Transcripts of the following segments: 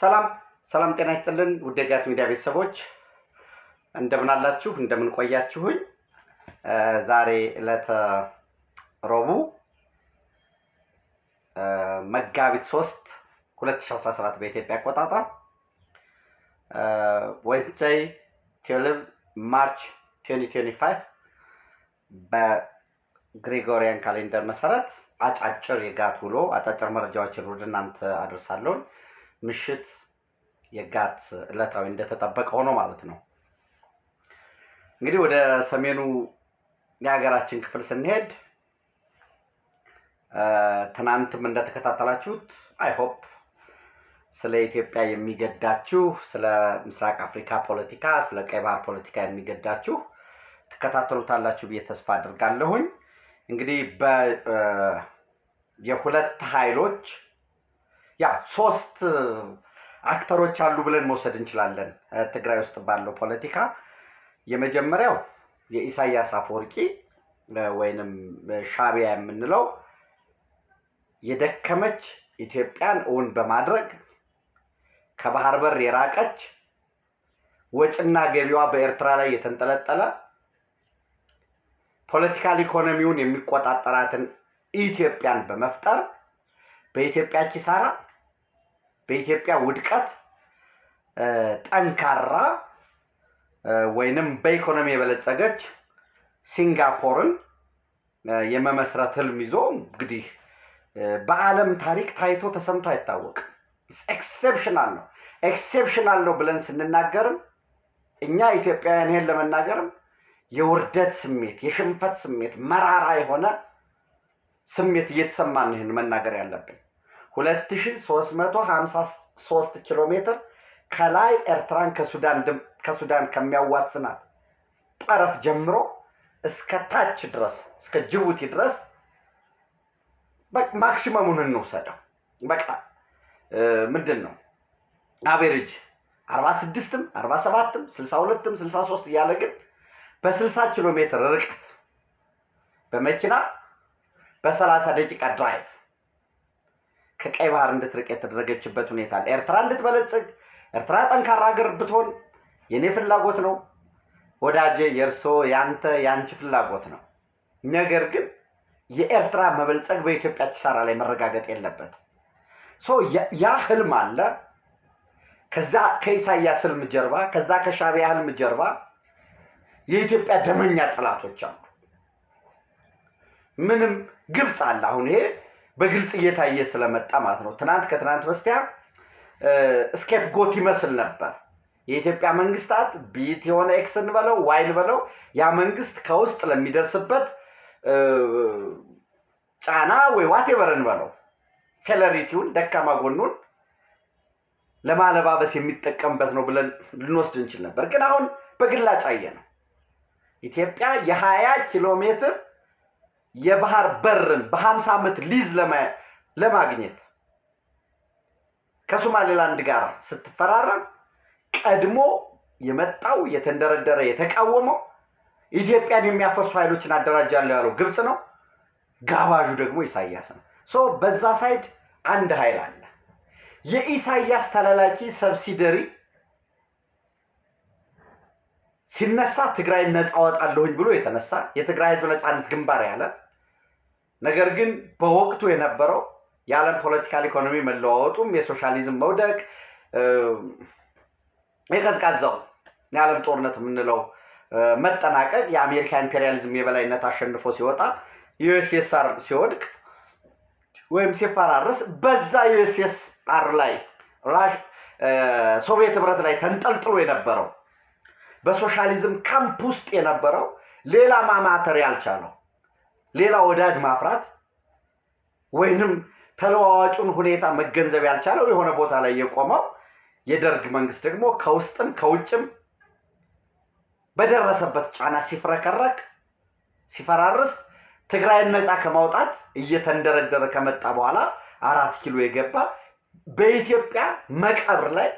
ሰላም ሰላም፣ ጤና ይስጥልን ውድ የጋት ሚዲያ ቤተሰቦች እንደምን አላችሁ? እንደምን ቆያችሁኝ? ዛሬ ዕለተ ረቡዕ መጋቢት 3 2017 በኢትዮጵያ አቆጣጠር ዌንስዴይ ትዌልቭ ማርች 2025 በግሪጎሪያን ካሌንደር መሰረት አጫጭር የጋት ውሎ አጫጭር መረጃዎችን ወደ እናንተ አድርሳለሁ ምሽት የጋት ዕለታዊ እንደተጠበቀ ሆኖ ማለት ነው። እንግዲህ ወደ ሰሜኑ የሀገራችን ክፍል ስንሄድ ትናንትም እንደተከታተላችሁት አይሆፕ ስለ ኢትዮጵያ የሚገዳችሁ ስለ ምስራቅ አፍሪካ ፖለቲካ፣ ስለ ቀይ ባህር ፖለቲካ የሚገዳችሁ ትከታተሉታላችሁ ብዬ ተስፋ አድርጋለሁኝ። እንግዲህ የሁለት ኃይሎች ያ ሶስት አክተሮች አሉ ብለን መውሰድ እንችላለን ትግራይ ውስጥ ባለው ፖለቲካ። የመጀመሪያው የኢሳያስ አፈወርቂ ወይንም ሻቢያ የምንለው የደከመች ኢትዮጵያን እውን በማድረግ ከባህር በር የራቀች ወጪና ገቢዋ በኤርትራ ላይ የተንጠለጠለ ፖለቲካል ኢኮኖሚውን የሚቆጣጠራትን ኢትዮጵያን በመፍጠር በኢትዮጵያ ኪሳራ በኢትዮጵያ ውድቀት ጠንካራ ወይንም በኢኮኖሚ የበለጸገች ሲንጋፖርን የመመስረት ህልም ይዞ እንግዲህ በዓለም ታሪክ ታይቶ ተሰምቶ አይታወቅም። ኤክሴፕሽናል ነው። ኤክሴፕሽናል ነው ብለን ስንናገርም እኛ ኢትዮጵያውያን ይሄን ለመናገርም የውርደት ስሜት፣ የሽንፈት ስሜት፣ መራራ የሆነ ስሜት እየተሰማን ይህን መናገር ያለብን 2353 ኪሎ ሜትር ከላይ ኤርትራን ከሱዳን ከሚያዋስናት ጠረፍ ጀምሮ እስከ ታች ድረስ እስከ ጅቡቲ ድረስ ማክሲመሙን እንውሰደው። በቃ ምንድን ነው አቬሬጅ አርባ ስድስትም አርባ ሰባትም ስልሳ ሁለትም ስልሳ ሶስት እያለ ግን በስልሳ ኪሎ ሜትር ርቀት በመኪና በሰላሳ ደቂቃ ድራይቭ ከቀይ ባህር እንድትርቅ የተደረገችበት ሁኔታ አለ። ኤርትራ እንድትበለጽግ ኤርትራ ጠንካራ ሀገር ብትሆን የእኔ ፍላጎት ነው ወዳጄ፣ የእርሶ ያንተ የአንቺ ፍላጎት ነው። ነገር ግን የኤርትራ መበልጸግ በኢትዮጵያ ኪሳራ ላይ መረጋገጥ የለበትም። ያ ህልም አለ። ከዛ ከኢሳያስ ህልም ጀርባ፣ ከዛ ከሻቢያ ህልም ጀርባ የኢትዮጵያ ደመኛ ጠላቶች አሉ። ምንም ግብፅ አለ አሁን ይሄ በግልጽ እየታየ ስለመጣ ማለት ነው። ትናንት ከትናንት በስቲያ ስኬፕ ጎት ይመስል ነበር የኢትዮጵያ መንግስታት ቢት የሆነ ኤክስን በለው ዋይን በለው ያ መንግስት ከውስጥ ለሚደርስበት ጫና ወይ ዋቴቨርን በለው ፌለሪቲውን ደካማ ጎኑን ለማለባበስ የሚጠቀምበት ነው ብለን ልንወስድ እንችል ነበር። ግን አሁን በግላጭ አየ ነው ኢትዮጵያ የሀያ ኪሎ ሜትር የባህር በርን በ50 ዓመት ሊዝ ለማግኘት ከሶማሌላንድ ጋር ስትፈራረም ቀድሞ የመጣው የተንደረደረ የተቃወመው ኢትዮጵያን የሚያፈርሱ ኃይሎችን አደራጃለሁ ያለው ግብፅ ነው። ጋባዡ ደግሞ ኢሳያስ ነው። ሶ በዛ ሳይድ አንድ ኃይል አለ። የኢሳያስ ተላላኪ ሰብሲደሪ ሲነሳ ትግራይ ነፃ ወጣለሁኝ ብሎ የተነሳ የትግራይ ህዝብ ነፃነት ግንባር ያለ ነገር ግን በወቅቱ የነበረው የዓለም ፖለቲካል ኢኮኖሚ መለዋወጡም የሶሻሊዝም መውደቅ የቀዝቃዛው የዓለም ጦርነት የምንለው መጠናቀቅ የአሜሪካ ኢምፔሪያሊዝም የበላይነት አሸንፎ ሲወጣ ዩኤስኤስአር ሲወድቅ ወይም ሲፈራርስ በዛ ዩኤስኤስአር ላይ ሶቪየት ህብረት ላይ ተንጠልጥሎ የነበረው በሶሻሊዝም ካምፕ ውስጥ የነበረው ሌላ ማማተር ያልቻለው ሌላ ወዳጅ ማፍራት ወይንም ተለዋዋጩን ሁኔታ መገንዘብ ያልቻለው የሆነ ቦታ ላይ የቆመው የደርግ መንግስት ደግሞ ከውስጥም ከውጭም በደረሰበት ጫና ሲፍረከረቅ ሲፈራርስ ትግራይን ነፃ ከማውጣት እየተንደረደረ ከመጣ በኋላ አራት ኪሎ የገባ በኢትዮጵያ መቀብር ላይ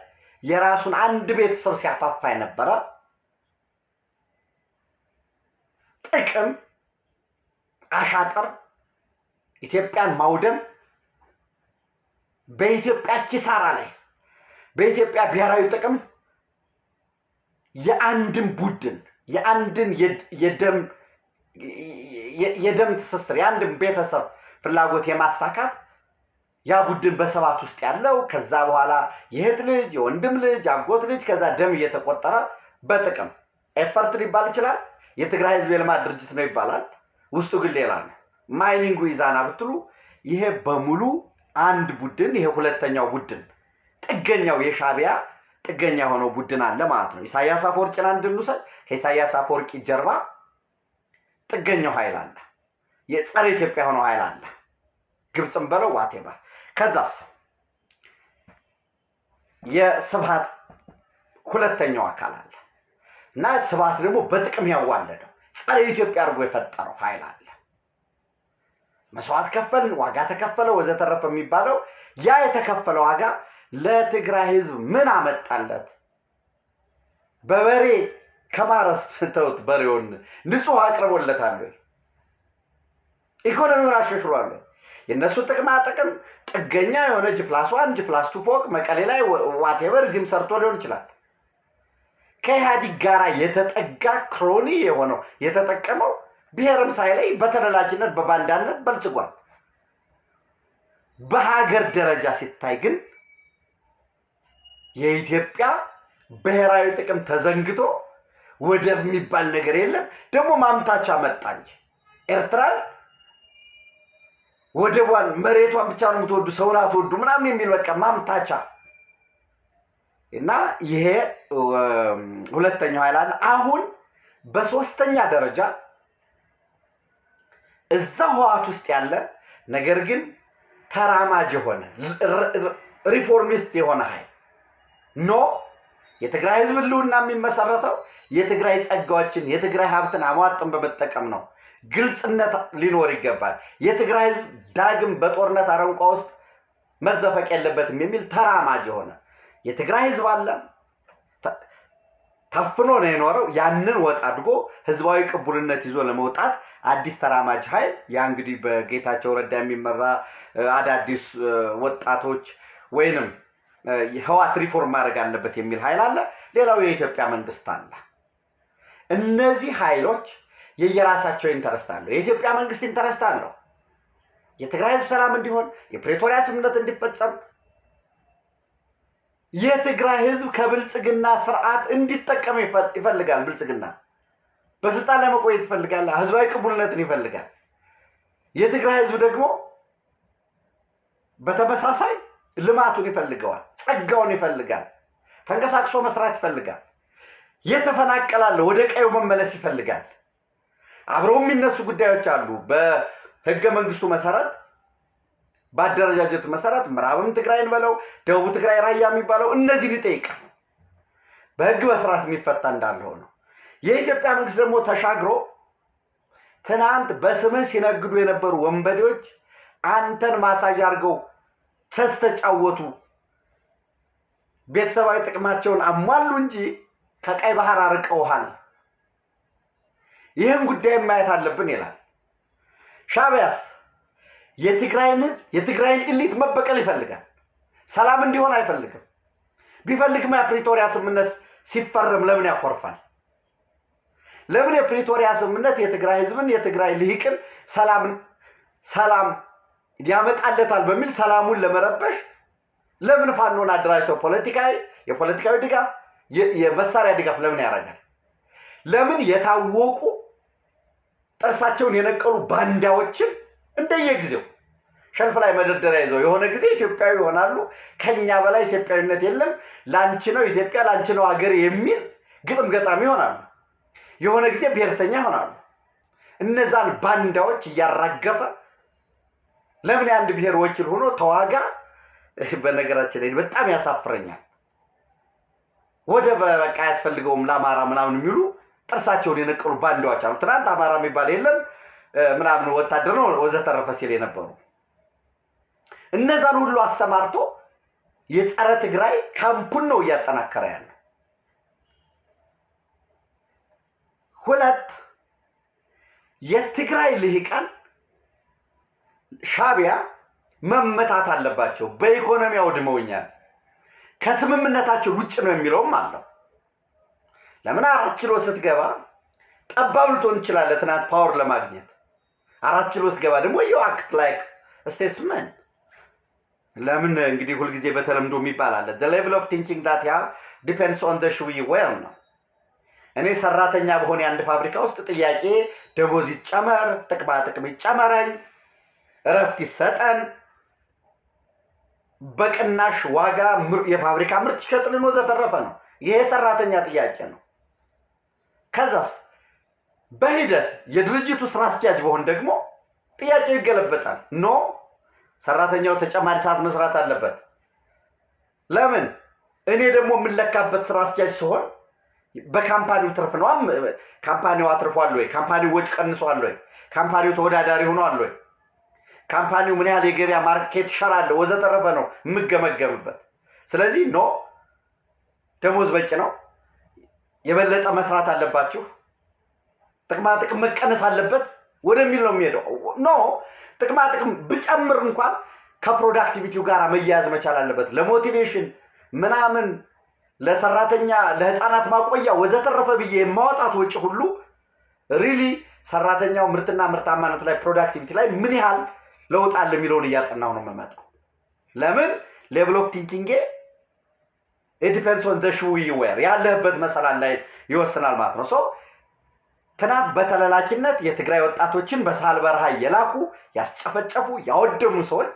የራሱን አንድ ቤተሰብ ሲያፋፋ የነበረ ጥቅም አሻጥር፣ ኢትዮጵያን ማውደም በኢትዮጵያ ኪሳራ ላይ በኢትዮጵያ ብሔራዊ ጥቅም የአንድን ቡድን የአንድን የደም የደም ትስስር የአንድን ቤተሰብ ፍላጎት የማሳካት ያ ቡድን በሰባት ውስጥ ያለው ከዛ በኋላ የእህት ልጅ የወንድም ልጅ አጎት ልጅ ከዛ ደም እየተቆጠረ በጥቅም ኤፈርት ሊባል ይችላል። የትግራይ ህዝብ የልማት ድርጅት ነው ይባላል። ውስጡ ግን ሌላ ነው። ማይኒንጉ ይዛና ብትሉ ይሄ በሙሉ አንድ ቡድን፣ ይሄ ሁለተኛው ቡድን ጥገኛው የሻቢያ ጥገኛ የሆነው ቡድን አለ ማለት ነው። ኢሳያስ አፈወርቂን አንድ እንውሰድ። ከኢሳያስ አፈወርቂ ጀርባ ጥገኛው ኃይል አለ፣ የጸረ ኢትዮጵያ የሆነው ኃይል አለ። ግብፅም በለው ዋቴባ ከዛስ የስብሀት ሁለተኛው አካል አለ እና ስብሀት ደግሞ በጥቅም ያዋለደው ጸረ ኢትዮጵያ አድርጎ የፈጠረው ኃይል አለ። መስዋዕት ከፈልን፣ ዋጋ ተከፈለ፣ ወዘተረፈ የሚባለው ያ የተከፈለ ዋጋ ለትግራይ ህዝብ ምን አመጣለት? በበሬ ከማረስ ተውት፣ በሬውን ንጹህ አቅርቦለታል። ኢኮኖሚውን አሻሽሏል። የእነሱ ጥቅማ ጥቅም ጥገኛ የሆነ ጅፕላስ ዋን ጅፕላስ ቱ ፎቅ መቀሌ ላይ ዋቴቨር እዚህም ሰርቶ ሊሆን ይችላል። ከኢህአዲግ ጋራ የተጠጋ ክሮኒ የሆነው የተጠቀመው ብሔርም ሳይለይ በተለላጭነት በባንዳነት በልጽጓል። በሀገር ደረጃ ሲታይ ግን የኢትዮጵያ ብሔራዊ ጥቅም ተዘንግቶ ወደብ የሚባል ነገር የለም። ደግሞ ማምታቻ መጣ እንጂ ኤርትራን ወደቧን መሬቷን ብቻ ነው የምትወዱ ሰውን አትወዱ ምናምን የሚል በቃ ማምታቻ እና ይሄ ሁለተኛው ኃይል አለ። አሁን በሶስተኛ ደረጃ እዛ ህዋት ውስጥ ያለ ነገር ግን ተራማጅ የሆነ ሪፎርሚስት የሆነ ኃይል ኖ የትግራይ ህዝብ ህልውና የሚመሰረተው የትግራይ ጸጋዎችን የትግራይ ሀብትን አሟጥን በመጠቀም ነው። ግልጽነት ሊኖር ይገባል። የትግራይ ህዝብ ዳግም በጦርነት አረንቋ ውስጥ መዘፈቅ የለበትም የሚል ተራማጅ የሆነ የትግራይ ህዝብ አለ ተፍኖ ነው የኖረው። ያንን ወጥ አድጎ ህዝባዊ ቅቡልነት ይዞ ለመውጣት አዲስ ተራማጅ ኃይል ያ እንግዲህ በጌታቸው ረዳ የሚመራ አዳዲስ ወጣቶች ወይንም ህዋት ሪፎርም ማድረግ አለበት የሚል ኃይል አለ። ሌላው የኢትዮጵያ መንግስት አለ። እነዚህ ኃይሎች የየራሳቸው ኢንተረስት አለው። የኢትዮጵያ መንግስት ኢንተረስት አለው የትግራይ ህዝብ ሰላም እንዲሆን፣ የፕሬቶሪያ ስምምነት እንዲፈጸም የትግራይ ህዝብ ከብልጽግና ስርዓት እንዲጠቀም ይፈልጋል። ብልጽግና በስልጣን ላይ መቆየት ይፈልጋል። ህዝባዊ ቅቡልነትን ይፈልጋል። የትግራይ ህዝብ ደግሞ በተመሳሳይ ልማቱን ይፈልገዋል። ጸጋውን ይፈልጋል። ተንቀሳቅሶ መስራት ይፈልጋል። የተፈናቀላለ ወደ ቀዩ መመለስ ይፈልጋል። አብረው የሚነሱ ጉዳዮች አሉ። በህገ መንግስቱ መሰረት በአደረጃጀት መሰረት ምዕራብም ትግራይን በለው ደቡብ ትግራይ ራያ የሚባለው እነዚህን ይጠይቃል። በህግ በስርዓት የሚፈታ እንዳለ ሆነው የኢትዮጵያ መንግስት ደግሞ ተሻግሮ ትናንት በስምህ ሲነግዱ የነበሩ ወንበዴዎች አንተን ማሳያ አድርገው ተስተጫወቱ ቤተሰባዊ ጥቅማቸውን አሟሉ እንጂ ከቀይ ባህር አርቀውሃል፣ ይህን ጉዳይ ማየት አለብን ይላል ሻቢያስ የትግራይን ህዝብ የትግራይን ኢሊት መበቀል ይፈልጋል። ሰላም እንዲሆን አይፈልግም። ቢፈልግማ የፕሪቶሪያ ስምምነት ሲፈረም ለምን ያኮርፋል? ለምን የፕሪቶሪያ ስምምነት የትግራይ ህዝብን የትግራይ ልሂቅን ሰላምን ሰላም ያመጣለታል በሚል ሰላሙን ለመረበሽ ለምን ፋኖን አደራጅተው ፖለቲካዊ የፖለቲካዊ ድጋፍ የመሳሪያ ድጋፍ ለምን ያደርጋል? ለምን የታወቁ ጥርሳቸውን የነቀሉ ባንዳዎችን እንደየጊዜው ሸልፍ ላይ መደርደሪያ ይዘው የሆነ ጊዜ ኢትዮጵያዊ ይሆናሉ። ከኛ በላይ ኢትዮጵያዊነት የለም፣ ላንቺ ነው ኢትዮጵያ፣ ላንቺ ነው ሀገር የሚል ግጥም ገጣሚ ይሆናሉ። የሆነ ጊዜ ብሔርተኛ ይሆናሉ። እነዛን ባንዳዎች እያራገፈ ለምን የአንድ ብሔር ወኪል ሆኖ ተዋጋ? በነገራችን ላይ በጣም ያሳፍረኛል። ወደ በቃ አያስፈልገውም ለአማራ ምናምን የሚሉ ጥርሳቸውን የነቀሉ ባንዳዎች አሉ። ትናንት አማራ የሚባል የለም ምናምን ወታደር ነው ወዘተረፈ ሲል የነበሩ እነዛን ሁሉ አሰማርቶ የጸረ ትግራይ ካምፑን ነው እያጠናከረ ያለው። ሁለት የትግራይ ልሂቃን ሻቢያ መመታት አለባቸው፣ በኢኮኖሚ አውድመውኛል፣ ከስምምነታቸው ውጭ ነው የሚለውም አለው። ለምን አራት ኪሎ ስትገባ ጠባብ ልትሆን ትችላለህ፣ ትናንት ፓወር ለማግኘት አራት ኪሎ ስትገባ ደግሞ ዩ አክት ላይክ ስቴትስመን ለምን እንግዲህ ሁልጊዜ በተለምዶ የሚባል አለ ዘ ሌቭል ኦፍ ቲንኪንግ ዳት ያ ዲፔንድስ ኦን ዘ ሹ ሹዊ ዌል ነው እኔ ሰራተኛ በሆነ የአንድ ፋብሪካ ውስጥ ጥያቄ ደቦዝ ይጨመር፣ ጥቅማ ጥቅም ይጨመረኝ፣ እረፍት ይሰጠን፣ በቅናሽ ዋጋ የፋብሪካ ምርት ይሸጥልን ወዘተረፈ ነው። ይሄ ሰራተኛ ጥያቄ ነው። ከዛስ በሂደት የድርጅቱ ስራ አስኪያጅ በሆን ደግሞ ጥያቄው ይገለበጣል። ኖ ሰራተኛው ተጨማሪ ሰዓት መስራት አለበት። ለምን? እኔ ደግሞ የምለካበት ስራ አስኪያጅ ሲሆን በካምፓኒው ትርፍ ነው። ካምፓኒው አትርፏል ወይ? ካምፓኒው ወጭ ቀንሷል ወይ? ካምፓኒው ተወዳዳሪ ሆኗል ወይ? ካምፓኒው ምን ያህል የገበያ ማርኬት ሸር አለው ወዘተረፈ ነው የምገመገምበት። ስለዚህ ኖ ደሞዝ በቂ ነው፣ የበለጠ መስራት አለባችሁ ጥቅማ ጥቅም መቀነስ አለበት ወደሚል ነው የሚሄደው። ኖ ጥቅማ ጥቅም ብጨምር እንኳን ከፕሮዳክቲቪቲው ጋር መያያዝ መቻል አለበት። ለሞቲቬሽን ምናምን፣ ለሰራተኛ፣ ለህፃናት ማቆያ ወዘተረፈ ብዬ የማወጣት ወጪ ሁሉ ሪሊ ሰራተኛው ምርትና ምርታማነት ላይ ፕሮዳክቲቪቲ ላይ ምን ያህል ለውጥ አለ የሚለውን እያጠናው ነው የምመጣው። ለምን ሌቭል ኦፍ ቲንኪንጌ ኢዲፔንስ ኦን ዘ ሹ ዩ ዌር ያለህበት መሰላል ላይ ይወስናል ማለት ነው። ትናንት በተለላኪነት የትግራይ ወጣቶችን በሳህል በረሃ እየላኩ ያስጨፈጨፉ ያወደሙ ሰዎች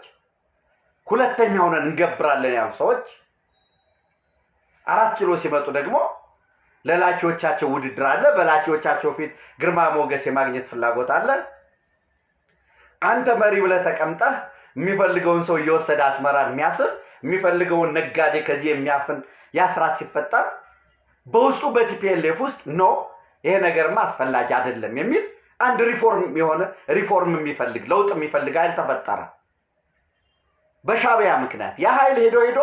ሁለተኛ እንገብራለን ያሉ ሰዎች አራት ኪሎ ሲመጡ ደግሞ ለላኪዎቻቸው ውድድር አለ። በላኪዎቻቸው ፊት ግርማ ሞገስ የማግኘት ፍላጎት አለ። አንተ መሪ ብለህ ተቀምጠህ የሚፈልገውን ሰው እየወሰደ አስመራ የሚያስር የሚፈልገውን ነጋዴ ከዚህ የሚያፍን ያስራ ሲፈጠር በውስጡ በቲፒኤልኤፍ ውስጥ ነው ይሄ ነገርማ አስፈላጊ አይደለም የሚል አንድ ሪፎርም የሆነ ሪፎርም የሚፈልግ ለውጥ የሚፈልግ ኃይል ተፈጠረ። በሻቢያ ምክንያት ያ ኃይል ሄዶ ሄዶ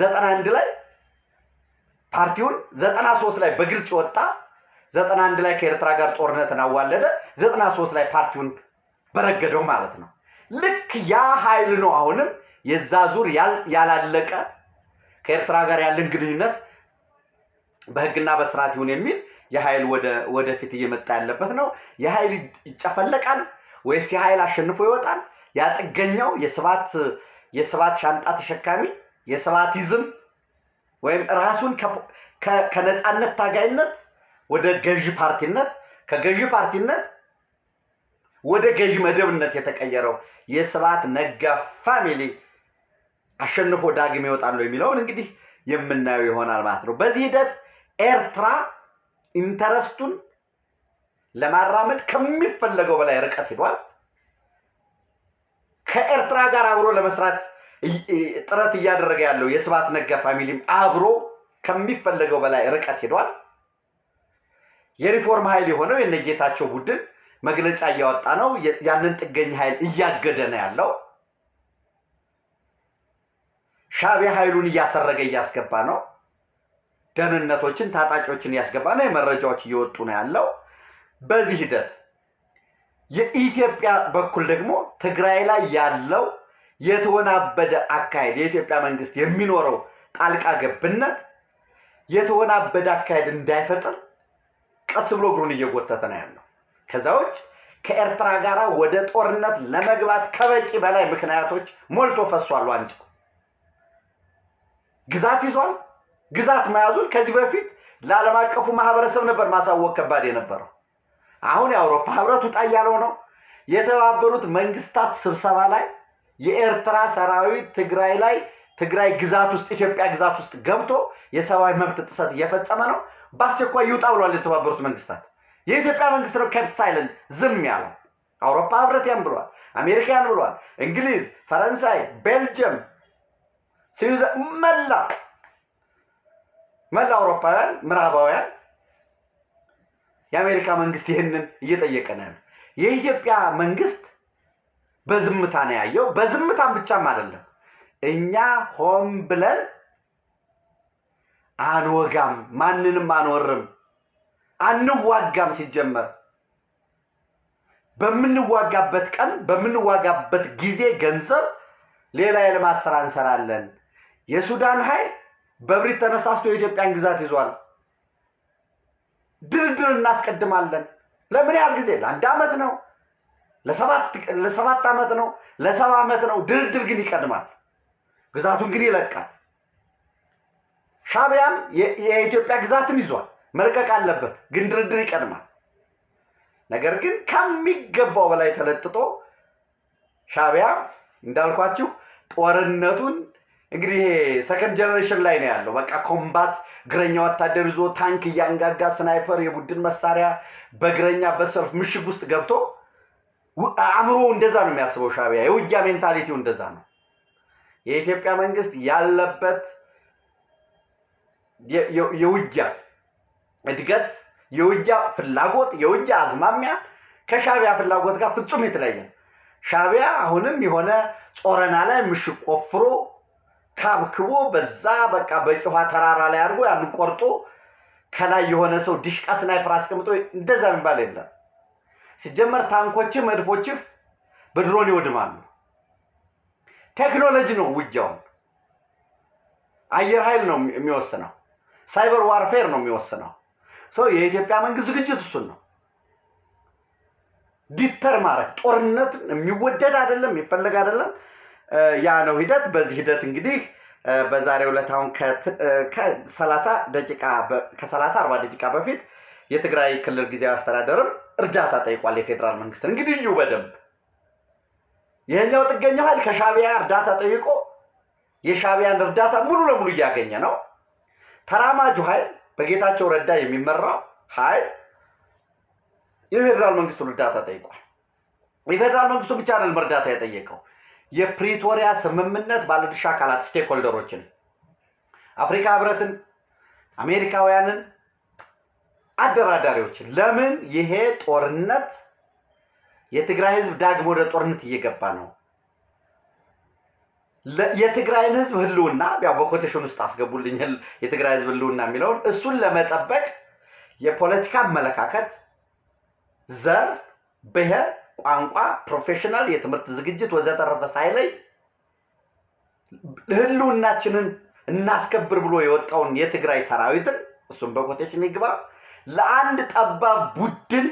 ዘጠና አንድ ላይ ፓርቲውን ዘጠና ሶስት ላይ በግልጽ ወጣ። ዘጠና አንድ ላይ ከኤርትራ ጋር ጦርነትን አዋለደ። ዘጠና ሶስት ላይ ፓርቲውን በረገደው ማለት ነው። ልክ ያ ኃይል ነው አሁንም የዛ ዙር ያላለቀ ከኤርትራ ጋር ያለን ግንኙነት በህግና በስርዓት ይሁን የሚል የኃይል ወደፊት እየመጣ ያለበት ነው። የኃይል ይጨፈለቃል ወይስ የኃይል አሸንፎ ይወጣል? ያጥገኛው የስባት ሻንጣ ተሸካሚ ይዝም ወይም ራሱን ከነፃነት ታጋይነት ወደ ገዢ ፓርቲነት ከገዢ ፓርቲነት ወደ ገዢ መደብነት የተቀየረው የስባት ነጋ ፋሚሊ አሸንፎ ዳግም ይወጣሉ የሚለውን እንግዲህ የምናየው ይሆናል ማለት ነው። በዚህ ሂደት ኤርትራ ኢንተረስቱን ለማራመድ ከሚፈለገው በላይ ርቀት ሄዷል። ከኤርትራ ጋር አብሮ ለመስራት ጥረት እያደረገ ያለው የስብሃት ነጋ ፋሚሊም አብሮ ከሚፈለገው በላይ ርቀት ሄዷል። የሪፎርም ኃይል የሆነው የነጌታቸው ቡድን መግለጫ እያወጣ ነው። ያንን ጥገኝ ኃይል እያገደ ነው ያለው። ሻቢያ ኃይሉን እያሰረገ እያስገባ ነው። ደህንነቶችን ታጣቂዎችን ያስገባና የመረጃዎች እየወጡ ነው ያለው። በዚህ ሂደት የኢትዮጵያ በኩል ደግሞ ትግራይ ላይ ያለው የተወናበደ አካሄድ የኢትዮጵያ መንግስት የሚኖረው ጣልቃ ገብነት የተወናበደ አካሄድ እንዳይፈጥር ቀስ ብሎ እግሩን እየጎተተ ነው ያለው። ከዛ ውጭ ከኤርትራ ጋር ወደ ጦርነት ለመግባት ከበቂ በላይ ምክንያቶች ሞልቶ ፈሷል። ዋንጫው ግዛት ይዟል። ግዛት መያዙን ከዚህ በፊት ለዓለም አቀፉ ማህበረሰብ ነበር ማሳወቅ ከባድ የነበረው። አሁን የአውሮፓ ህብረት ውጣ እያለው ነው። የተባበሩት መንግስታት ስብሰባ ላይ የኤርትራ ሰራዊት ትግራይ ላይ ትግራይ ግዛት ውስጥ ኢትዮጵያ ግዛት ውስጥ ገብቶ የሰብአዊ መብት ጥሰት እየፈጸመ ነው፣ በአስቸኳይ ይውጣ ብሏል የተባበሩት መንግስታት። የኢትዮጵያ መንግስት ነው ከፕት ሳይለንት ዝም ያለው። አውሮፓ ህብረት ያን ብሏል፣ አሜሪካ ያን ብሏል፣ እንግሊዝ፣ ፈረንሳይ፣ ቤልጅየም፣ መላ መላ አውሮፓውያን ምዕራባውያን የአሜሪካ መንግስት ይህንን እየጠየቀ ነው የኢትዮጵያ መንግስት በዝምታ ነው ያየው። በዝምታም ብቻም አይደለም፣ እኛ ሆም ብለን አንወጋም፣ ማንንም አንወርም፣ አንዋጋም። ሲጀመር በምንዋጋበት ቀን በምንዋጋበት ጊዜ ገንዘብ ሌላ የልማት ስራ እንሰራለን። የሱዳን ኃይል በብሪት ተነሳስቶ የኢትዮጵያን ግዛት ይዟል። ድርድር እናስቀድማለን። ለምን ያህል ጊዜ? ለአንድ ዓመት ነው? ለሰባት ዓመት ነው? ለሰባ ዓመት ነው? ድርድር ግን ይቀድማል። ግዛቱን ግን ይለቃል። ሻቢያም የኢትዮጵያ ግዛትን ይዟል። መልቀቅ አለበት፣ ግን ድርድር ይቀድማል። ነገር ግን ከሚገባው በላይ ተለጥጦ ሻቢያ እንዳልኳችሁ ጦርነቱን እንግዲህ ይሄ ሰከንድ ጀነሬሽን ላይ ነው ያለው። በቃ ኮምባት እግረኛ ወታደር ይዞ ታንክ እያንጋጋ ስናይፐር፣ የቡድን መሳሪያ በእግረኛ በሰልፍ ምሽግ ውስጥ ገብቶ አእምሮ እንደዛ ነው የሚያስበው ሻቢያ የውጊያ ሜንታሊቲው እንደዛ ነው። የኢትዮጵያ መንግስት ያለበት የውጊያ እድገት፣ የውጊያ ፍላጎት፣ የውጊያ አዝማሚያ ከሻቢያ ፍላጎት ጋር ፍጹም የተለያየ ነው። አሁንም የሆነ ጾረና ላይ ምሽግ ቆፍሮ ካብክቦ በዛ በቃ በቂኋ ተራራ ላይ አድርጎ ያን ቆርጦ ከላይ የሆነ ሰው ድሽቃ ስናይፐር አስቀምጦ እንደዛ የሚባል የለም። ሲጀመር ታንኮችህ መድፎችህ በድሮን ይወድማሉ። ቴክኖሎጂ ነው ውጊያውን፣ አየር ኃይል ነው የሚወስነው፣ ሳይበር ዋርፌር ነው የሚወስነው። የኢትዮጵያ መንግስት ዝግጅት እሱን ነው ዲተር ማድረግ ጦርነትን የሚወደድ አይደለም የሚፈለግ አይደለም ያ ነው ሂደት። በዚህ ሂደት እንግዲህ በዛሬው ዕለት አሁን ከሰላሳ አርባ ደቂቃ በፊት የትግራይ ክልል ጊዜያዊ አስተዳደርም እርዳታ ጠይቋል። የፌዴራል መንግስት እንግዲህ እዩ በደንብ ይህኛው ጥገኛ ኃይል ከሻቢያ እርዳታ ጠይቆ የሻቢያን እርዳታ ሙሉ ለሙሉ እያገኘ ነው። ተራማጁ ኃይል በጌታቸው ረዳ የሚመራው ኃይል የፌዴራል መንግስቱን እርዳታ ጠይቋል። የፌዴራል መንግስቱ ብቻ አይደለም እርዳታ የጠየቀው የፕሪቶሪያ ስምምነት ባለድርሻ አካላት ስቴክሆልደሮችን፣ አፍሪካ ህብረትን፣ አሜሪካውያንን፣ አደራዳሪዎችን ለምን ይሄ ጦርነት የትግራይ ህዝብ ዳግም ወደ ጦርነት እየገባ ነው? የትግራይን ህዝብ ህልውና ያው በኮቴሽን ውስጥ አስገቡልኝ የትግራይ ህዝብ ህልውና የሚለውን እሱን ለመጠበቅ የፖለቲካ አመለካከት፣ ዘር፣ ብሔር ቋንቋ፣ ፕሮፌሽናል የትምህርት ዝግጅት ወዘተረፈ ሳይለይ ህልውናችንን እናስከብር ብሎ የወጣውን የትግራይ ሰራዊትን እሱም በኮቴሽን ይግባ ለአንድ ጠባብ ቡድን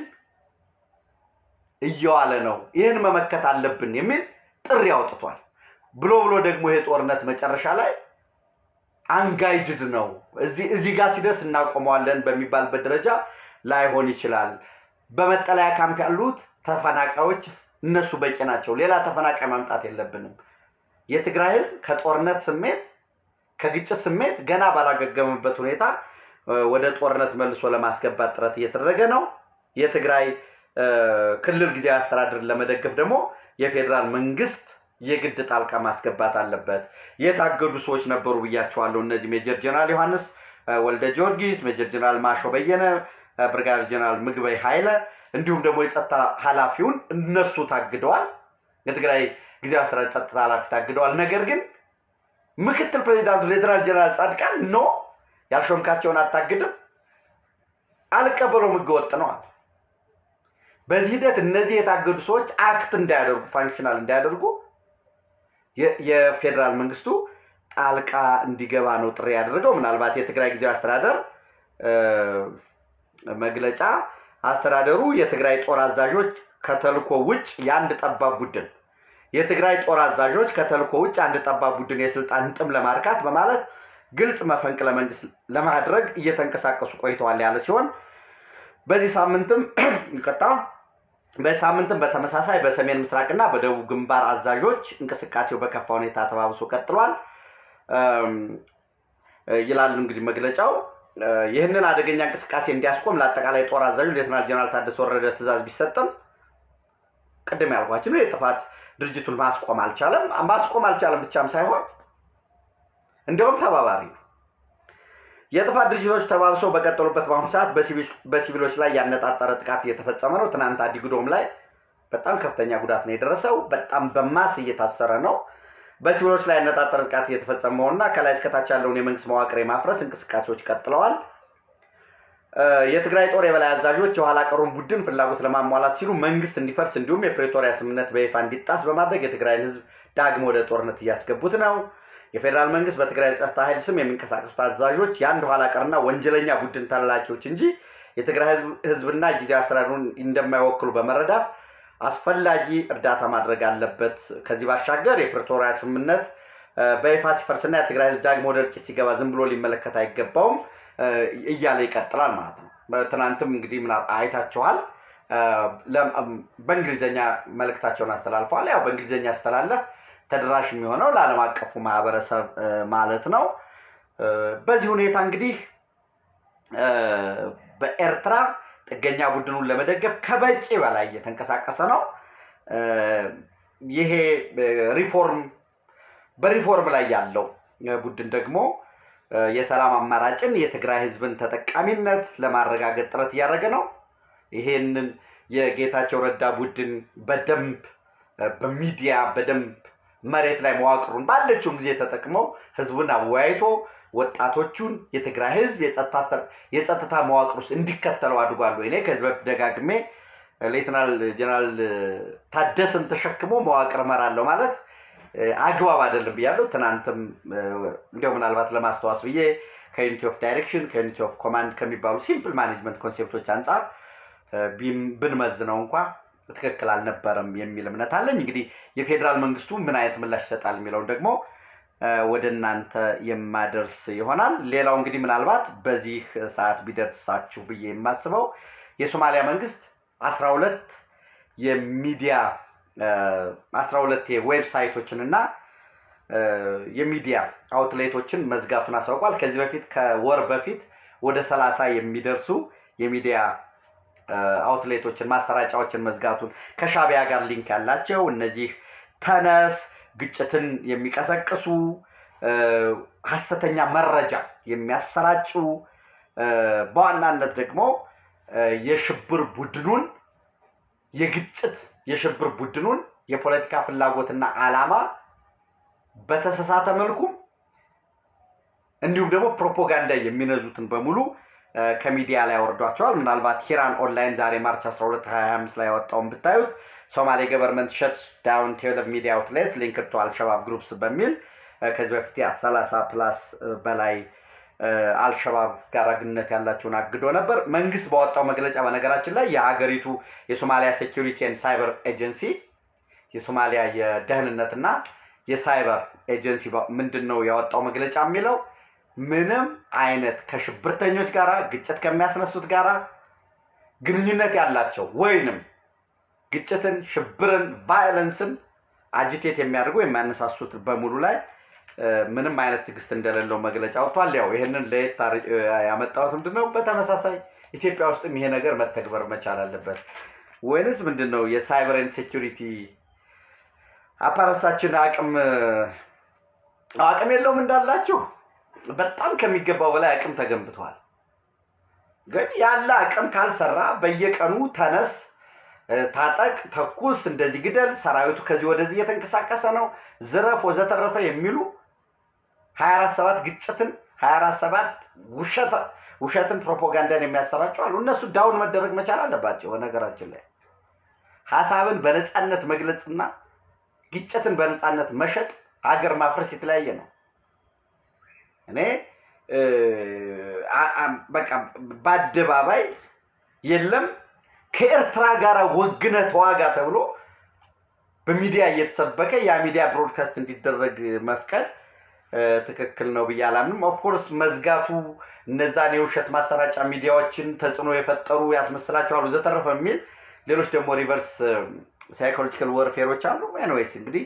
እየዋለ ነው። ይህን መመከት አለብን የሚል ጥሪ አውጥቷል። ብሎ ብሎ ደግሞ ይሄ ጦርነት መጨረሻ ላይ አንጋይድድ ነው፣ እዚህ ጋር ሲደርስ እናቆመዋለን በሚባልበት ደረጃ ላይሆን ይችላል። በመጠለያ ካምፕ ያሉት ተፈናቃዮች እነሱ በቂ ናቸው። ሌላ ተፈናቃይ ማምጣት የለብንም። የትግራይ ህዝብ ከጦርነት ስሜት ከግጭት ስሜት ገና ባላገገመበት ሁኔታ ወደ ጦርነት መልሶ ለማስገባት ጥረት እየተደረገ ነው። የትግራይ ክልል ጊዜያዊ አስተዳደርን ለመደገፍ ደግሞ የፌዴራል መንግስት የግድ ጣልቃ ማስገባት አለበት። የታገዱ ሰዎች ነበሩ ብያቸዋለሁ። እነዚህ ሜጀር ጀነራል ዮሐንስ ወልደ ጊዮርጊስ፣ ሜጀር ጀነራል ማሾ በየነ፣ ብርጋዴር ጀነራል ምግበይ ኃይለ እንዲሁም ደግሞ የጸጥታ ኃላፊውን እነሱ ታግደዋል። የትግራይ ጊዜ አስተዳደር ጸጥታ ኃላፊ ታግደዋል። ነገር ግን ምክትል ፕሬዚዳንቱ ሌተናል ጀነራል ጻድቃን ኖ ያልሾምካቸውን አታግድም፣ አልቀበለውም፣ ህገወጥ ነው አለ። በዚህ ሂደት እነዚህ የታገዱ ሰዎች አክት እንዳያደርጉ ፋንክሽናል እንዳያደርጉ የፌዴራል መንግስቱ ጣልቃ እንዲገባ ነው ጥሪ ያደረገው። ምናልባት የትግራይ ጊዜያዊ አስተዳደር መግለጫ አስተዳደሩ የትግራይ ጦር አዛዦች ከተልኮ ውጭ የአንድ ጠባብ ቡድን የትግራይ ጦር አዛዦች ከተልኮ ውጭ አንድ ጠባብ ቡድን የስልጣን ጥም ለማርካት በማለት ግልጽ መፈንቅለ መንግስት ለማድረግ እየተንቀሳቀሱ ቆይተዋል ያለ ሲሆን በዚህ ሳምንትም ይቀጣ በዚህ ሳምንትም በተመሳሳይ በሰሜን ምስራቅና በደቡብ ግንባር አዛዦች እንቅስቃሴው በከፋ ሁኔታ ተባብሶ ቀጥሏል ይላል እንግዲህ መግለጫው። ይህንን አደገኛ እንቅስቃሴ እንዲያስቆም ለአጠቃላይ ጦር አዛዥ ሌትናል ጀነራል ታደሰ ወረደ ትእዛዝ ቢሰጥም ቅድም ያልኳችሁ ነው የጥፋት ድርጅቱን ማስቆም አልቻለም። ማስቆም አልቻለም ብቻም ሳይሆን እንዲሁም ተባባሪ ነው። የጥፋት ድርጅቶች ተባብሰው በቀጠሉበት በአሁኑ ሰዓት በሲቪሎች ላይ ያነጣጠረ ጥቃት እየተፈጸመ ነው። ትናንት አዲግዶም ላይ በጣም ከፍተኛ ጉዳት ነው የደረሰው። በጣም በማስ እየታሰረ ነው። በሲቪሎች ላይ ያነጣጠረ ጥቃት እየተፈጸመ መሆኑና ከላይ እስከታች ያለውን የመንግስት መዋቅር የማፍረስ እንቅስቃሴዎች ቀጥለዋል። የትግራይ ጦር የበላይ አዛዦች የኋላ ቀሩን ቡድን ፍላጎት ለማሟላት ሲሉ መንግስት እንዲፈርስ እንዲሁም የፕሬቶሪያ ስምምነት በይፋ እንዲጣስ በማድረግ የትግራይን ህዝብ ዳግም ወደ ጦርነት እያስገቡት ነው። የፌዴራል መንግስት በትግራይ ጸጥታ ኃይል ስም የሚንቀሳቀሱት አዛዦች የአንድ ኋላ ቀርና ወንጀለኛ ቡድን ተላላኪዎች እንጂ የትግራይ ህዝብና ጊዜ አስተዳደሩን እንደማይወክሉ በመረዳት አስፈላጊ እርዳታ ማድረግ አለበት። ከዚህ ባሻገር የፕሪቶሪያ ስምምነት በይፋ ሲፈርስና የትግራይ ህዝብ ዳግሞ ወደ እርቅ ሲገባ ዝም ብሎ ሊመለከት አይገባውም እያለ ይቀጥላል ማለት ነው። ትናንትም እንግዲህ ምና አይታችኋል። በእንግሊዝኛ መልእክታቸውን አስተላልፈዋል። ያው በእንግሊዝኛ ያስተላለፍ ተደራሽ የሚሆነው ለዓለም አቀፉ ማህበረሰብ ማለት ነው። በዚህ ሁኔታ እንግዲህ በኤርትራ ጥገኛ ቡድኑን ለመደገፍ ከበቂ በላይ እየተንቀሳቀሰ ነው። ይሄ ሪፎርም በሪፎርም ላይ ያለው ቡድን ደግሞ የሰላም አማራጭን የትግራይ ህዝብን ተጠቃሚነት ለማረጋገጥ ጥረት እያደረገ ነው። ይሄንን የጌታቸው ረዳ ቡድን በደንብ በሚዲያ በደንብ መሬት ላይ መዋቅሩን ባለችውን ጊዜ ተጠቅመው ህዝቡን አወያይቶ ወጣቶቹን የትግራይ ህዝብ የጸጥታ መዋቅር ውስጥ እንዲከተለው አድርጓል እኔ ከዚህ በፊት ደጋግሜ ሌትናል ጀነራል ታደሰን ተሸክሞ መዋቅር እመራለሁ ማለት አግባብ አይደለም ብያለሁ። ትናንትም እንዲያው ምናልባት ለማስተዋስ ብዬ ከዩኒቲ ኦፍ ዳይሬክሽን ከዩኒቲ ኦፍ ኮማንድ ከሚባሉ ሲምፕል ማኔጅመንት ኮንሴፕቶች አንጻር ብንመዝነው እንኳ ትክክል አልነበረም የሚል እምነት አለኝ። እንግዲህ የፌዴራል መንግስቱ ምን አይነት ምላሽ ይሰጣል የሚለውን ደግሞ ወደ እናንተ የማደርስ ይሆናል። ሌላው እንግዲህ ምናልባት በዚህ ሰዓት ቢደርሳችሁ ብዬ የማስበው የሶማሊያ መንግስት አስራ ሁለት የሚዲያ አስራ ሁለት የዌብሳይቶችን እና የሚዲያ አውትሌቶችን መዝጋቱን አስታውቋል። ከዚህ በፊት ከወር በፊት ወደ ሰላሳ የሚደርሱ የሚዲያ አውትሌቶችን ማሰራጫዎችን መዝጋቱን ከሻቢያ ጋር ሊንክ ያላቸው እነዚህ ተነስ ግጭትን የሚቀሰቅሱ ሀሰተኛ መረጃ የሚያሰራጩ በዋናነት ደግሞ የሽብር ቡድኑን የግጭት የሽብር ቡድኑን የፖለቲካ ፍላጎትና ዓላማ በተሳሳተ መልኩ እንዲሁም ደግሞ ፕሮፓጋንዳ የሚነዙትን በሙሉ ከሚዲያ ላይ ያወርዷቸዋል። ምናልባት ሂራን ኦንላይን ዛሬ ማርች 12 25 ላይ ያወጣውን ብታዩት ሶማሌ ገቨርንመንት ሸትስ ዳውን ቴል ሚዲያ አውትሌትስ ሊንክድ ቱ አልሸባብ ግሩፕስ በሚል ከዚህ በፊት ያ ሰላሳ ፕላስ በላይ አልሸባብ ጋር ግንኙነት ያላቸውን አግዶ ነበር። መንግስት ባወጣው መግለጫ በነገራችን ላይ የሀገሪቱ የሶማሊያ ሴኪሪቲን ሳይበር ኤጀንሲ የሶማሊያ የደህንነትና የሳይበር ኤጀንሲ ምንድን ነው ያወጣው መግለጫ የሚለው ምንም አይነት ከሽብርተኞች ጋራ ግጭት ከሚያስነሱት ጋራ ግንኙነት ያላቸው ወይንም ግጭትን፣ ሽብርን፣ ቫዮለንስን አጂቴት የሚያደርጉ የሚያነሳሱት በሙሉ ላይ ምንም አይነት ትዕግስት እንደሌለው መግለጫ አውጥቷል። ያው ይህንን ለየት ያመጣሁት ምንድን ነው፣ በተመሳሳይ ኢትዮጵያ ውስጥም ይሄ ነገር መተግበር መቻል አለበት ወይንስ ምንድን ነው የሳይበርን ሴኪሪቲ አፓራሳችን አቅም አቅም የለውም እንዳላችሁ በጣም ከሚገባው በላይ አቅም ተገንብቷል። ግን ያለ አቅም ካልሰራ በየቀኑ ተነስ ታጠቅ፣ ተኩስ፣ እንደዚህ ግደል፣ ሰራዊቱ ከዚህ ወደዚህ እየተንቀሳቀሰ ነው፣ ዝረፍ፣ ወዘተረፈ የሚሉ ሀያ አራት ሰባት ግጭትን ሀያ አራት ሰባት ውሸትን ፕሮፓጋንዳን የሚያሰራጩ አሉ። እነሱ ዳውን መደረግ መቻል አለባቸው። ነገራችን ላይ ሀሳብን በነፃነት መግለጽና ግጭትን በነፃነት መሸጥ ሀገር ማፍረስ የተለያየ ነው። እኔ በቃ በአደባባይ የለም ከኤርትራ ጋር ወግነ ተዋጋ ተብሎ በሚዲያ እየተሰበከ ያ ሚዲያ ብሮድካስት እንዲደረግ መፍቀድ ትክክል ነው ብዬ አላምንም። ኦፍኮርስ መዝጋቱ እነዛን የውሸት ማሰራጫ ሚዲያዎችን ተጽዕኖ የፈጠሩ ያስመስላቸዋሉ ዘተረፈ የሚል ሌሎች ደግሞ ሪቨርስ ሳይኮሎጂካል ወርፌሮች አሉ። ኤንዌይስ እንግዲህ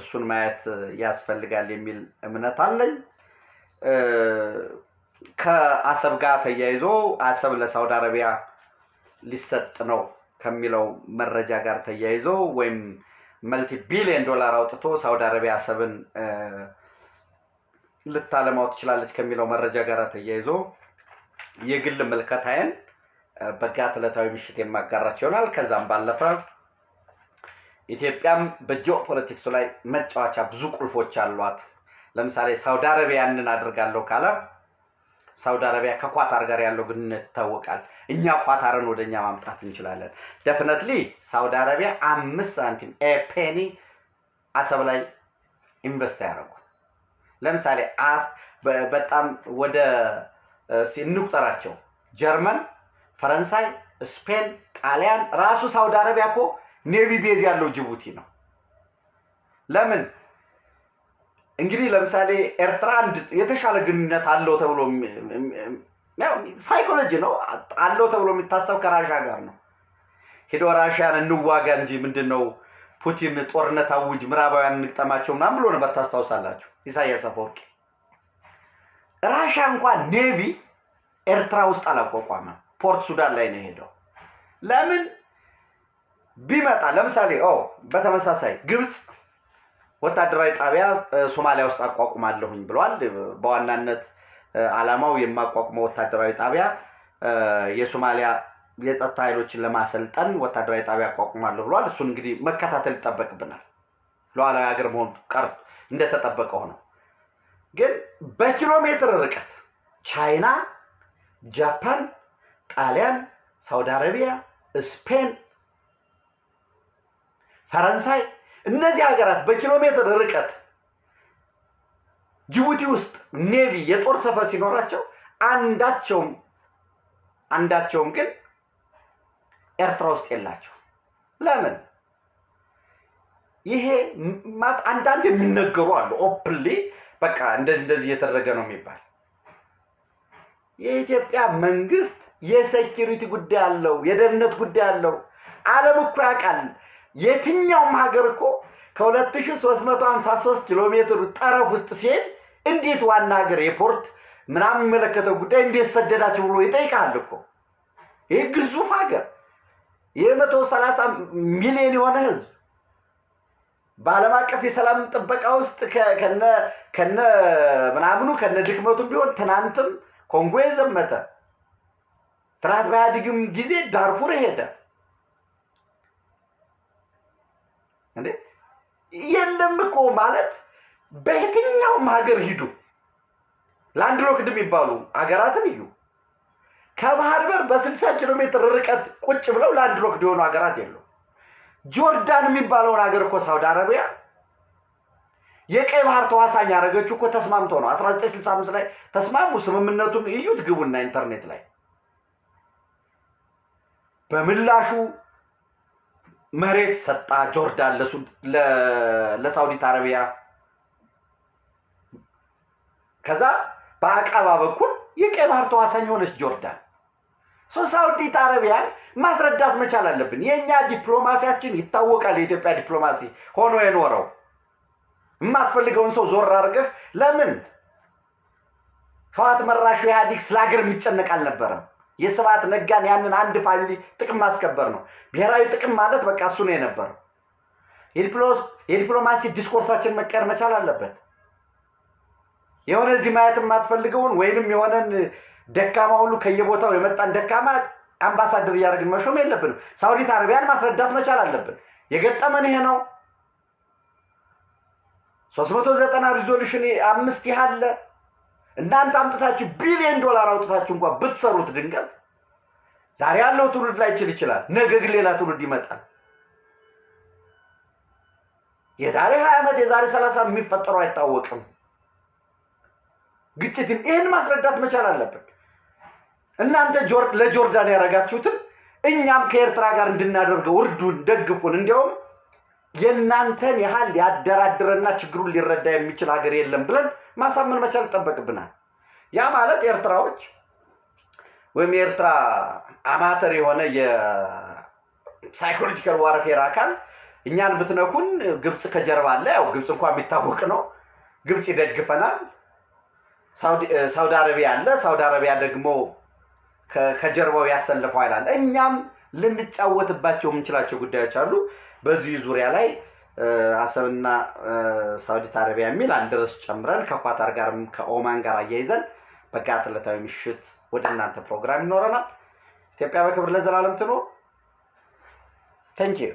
እሱን ማየት ያስፈልጋል የሚል እምነት አለኝ። ከአሰብ ጋር ተያይዞ አሰብ ለሳውዲ አረቢያ ሊሰጥ ነው ከሚለው መረጃ ጋር ተያይዞ ወይም መልቲ ቢሊየን ዶላር አውጥቶ ሳውዲ አረቢያ አሰብን ልታለማው ትችላለች ከሚለው መረጃ ጋር ተያይዞ የግል ምልከታዬን በጋት ዕለታዊ ምሽት የማጋራቸው ይሆናል። ከዛም ባለፈ ኢትዮጵያም ፖለቲክሱ ላይ መጫወቻ ብዙ ቁልፎች አሏት። ለምሳሌ ሳውዲ አረቢያ ያንን አድርጋለሁ ካለ ሳውዲ አረቢያ ከኳታር ጋር ያለው ግንኙነት ይታወቃል። እኛ ኳታርን ወደ እኛ ማምጣት እንችላለን። ደፍነትሊ ሳውዲ አረቢያ አምስት ሳንቲም ኤፔኒ አሰብ ላይ ኢንቨስት ያደረጉ ለምሳሌ በጣም ወደ እንቁጠራቸው ጀርመን፣ ፈረንሳይ፣ ስፔን፣ ጣሊያን ራሱ ሳውዲ አረቢያ እኮ ኔቪ ቤዝ ያለው ጅቡቲ ነው። ለምን እንግዲህ ለምሳሌ ኤርትራ አንድ የተሻለ ግንኙነት አለው ተብሎ ሳይኮሎጂ ነው አለው ተብሎ የሚታሰብ ከራሻ ጋር ነው። ሄዶ ራሽያን እንዋጋ እንጂ ምንድን ነው ፑቲን ጦርነት አውጅ፣ ምዕራባውያን እንግጠማቸው ምናምን ብሎ ነበር። ታስታውሳላችሁ ኢሳያስ አፈወርቂ። ራሽያ እንኳን ኔቪ ኤርትራ ውስጥ አላቋቋመም። ፖርት ሱዳን ላይ ነው የሄደው። ለምን ቢመጣ ለምሳሌ ኦ በተመሳሳይ ግብፅ ወታደራዊ ጣቢያ ሶማሊያ ውስጥ አቋቁማለሁኝ ብለዋል። በዋናነት ዓላማው የማቋቁመው ወታደራዊ ጣቢያ የሶማሊያ የጸጥታ ኃይሎችን ለማሰልጠን ወታደራዊ ጣቢያ አቋቁማለሁ ብለዋል። እሱን እንግዲህ መከታተል ይጠበቅብናል። ሉዓላዊ ሀገር መሆን ቀር እንደተጠበቀ ሆነው ግን በኪሎ ሜትር ርቀት ቻይና፣ ጃፓን፣ ጣሊያን፣ ሳውዲ አረቢያ፣ ስፔን፣ ፈረንሳይ እነዚህ ሀገራት በኪሎ ሜትር ርቀት ጅቡቲ ውስጥ ኔቪ የጦር ሰፈር ሲኖራቸው አንዳቸውም አንዳቸውም ግን ኤርትራ ውስጥ የላቸው። ለምን? ይሄ ማት አንዳንድ የሚነገሩ አሉ። ኦፕንሊ በቃ እንደዚህ እንደዚህ እየተደረገ ነው የሚባል የኢትዮጵያ መንግስት የሴኪሪቲ ጉዳይ አለው፣ የደህንነት ጉዳይ አለው። ዓለም እኮ ያውቃል። የትኛውም ሀገር እኮ ከ2353 ኪሎ ሜትር ጠረፍ ውስጥ ሲሄድ እንዴት ዋና ሀገር የፖርት ምናምን የሚመለከተው ጉዳይ እንዴት ሰደዳቸው ብሎ ይጠይቃል እኮ። ይህ ግዙፍ ሀገር የመቶ ሰላሳ ሚሊዮን የሆነ ህዝብ በዓለም አቀፍ የሰላም ጥበቃ ውስጥ ከነ ምናምኑ ከነ ድክመቱ ቢሆን ትናንትም ኮንጎ የዘመተ ትናንት በኢህአዴግም ጊዜ ዳርፉር ሄደ። እንዴ የለም እኮ ማለት በየትኛውም ሀገር ሂዱ፣ ሎክድ የሚባሉ ሀገራትን እዩ። ከባህር በር በስልሳ ኪሎ ሜትር ርቀት ቁጭ ብለው ሎክድ የሆኑ ሀገራት የለው። ጆርዳን የሚባለውን ሀገር እኮ ሳውዲ አረቢያ የቀይ ባህር ተዋሳኝ ያደረገችው እኮ ተስማምቶ ነው። 1965 ላይ ተስማሙ። ስምምነቱን እዩት፣ ግቡና ኢንተርኔት ላይ በምላሹ መሬት ሰጣ ጆርዳን ለሳውዲት አረቢያ። ከዛ በአቀባ በኩል የቀይ ባህር ተዋሳኝ የሆነች ጆርዳን። ሶ ሳውዲት አረቢያን ማስረዳት መቻል አለብን። የእኛ ዲፕሎማሲያችን ይታወቃል። የኢትዮጵያ ዲፕሎማሲ ሆኖ የኖረው የማትፈልገውን ሰው ዞር አድርገህ ለምን ህዋት መራሹ ኢህአዲግ ስለ ሀገር የሚጨነቅ አልነበረም። የስብሐት ነጋን ያንን አንድ ፋሚሊ ጥቅም ማስከበር ነው። ብሔራዊ ጥቅም ማለት በቃ እሱ ነው የነበረው። የዲፕሎማሲ ዲስኮርሳችን መቀየር መቻል አለበት። የሆነ እዚህ ማየት የማትፈልገውን ወይንም የሆነን ደካማ ሁሉ ከየቦታው የመጣን ደካማ አምባሳደር እያደረግን መሾም የለብንም። ሳውዲት አረቢያን ማስረዳት መቻል አለብን። የገጠመን ይሄ ነው። ዘጠና ሪዞሉሽን አምስት ይህ አለ እናንተ አምጥታችሁ ቢሊዮን ዶላር አውጥታችሁ እንኳን ብትሰሩት ድንገት ዛሬ ያለው ትውልድ ላይችል ይችላል። ነገ ግን ሌላ ትውልድ ይመጣል። የዛሬ ሀያ ዓመት የዛሬ ሰላሳ የሚፈጠረው አይታወቅም። ግጭትን ይህን ማስረዳት መቻል አለብን። እናንተ ለጆርዳን ያደረጋችሁትን እኛም ከኤርትራ ጋር እንድናደርገው እርዱን፣ ደግፉን። እንዲያውም የእናንተን ያህል ያደራድረና ችግሩን ሊረዳ የሚችል ሀገር የለም ብለን ማሳመን መቻል ይጠበቅብናል። ያ ማለት ኤርትራዎች ወይም የኤርትራ አማተር የሆነ የሳይኮሎጂካል ዋርፌር አካል እኛን ብትነኩን ግብፅ ከጀርባ አለ። ያው ግብፅ እንኳ የሚታወቅ ነው። ግብፅ ይደግፈናል። ሳውዲ አረቢያ አለ። ሳውዲ አረቢያ ደግሞ ከጀርባው ያሰልፈው አይላል። እኛም ልንጫወትባቸው የምንችላቸው ጉዳዮች አሉ። በዚህ ዙሪያ ላይ አሰብና ሳውዲት አረቢያ የሚል አንድ ርዕስ ጨምረን ከኳታር ጋር ከኦማን ጋር አያይዘን በጋ ዕለታዊ ምሽት ወደ እናንተ ፕሮግራም ይኖረናል። ኢትዮጵያ በክብር ለዘላለም ትኖር። ተንኪዩ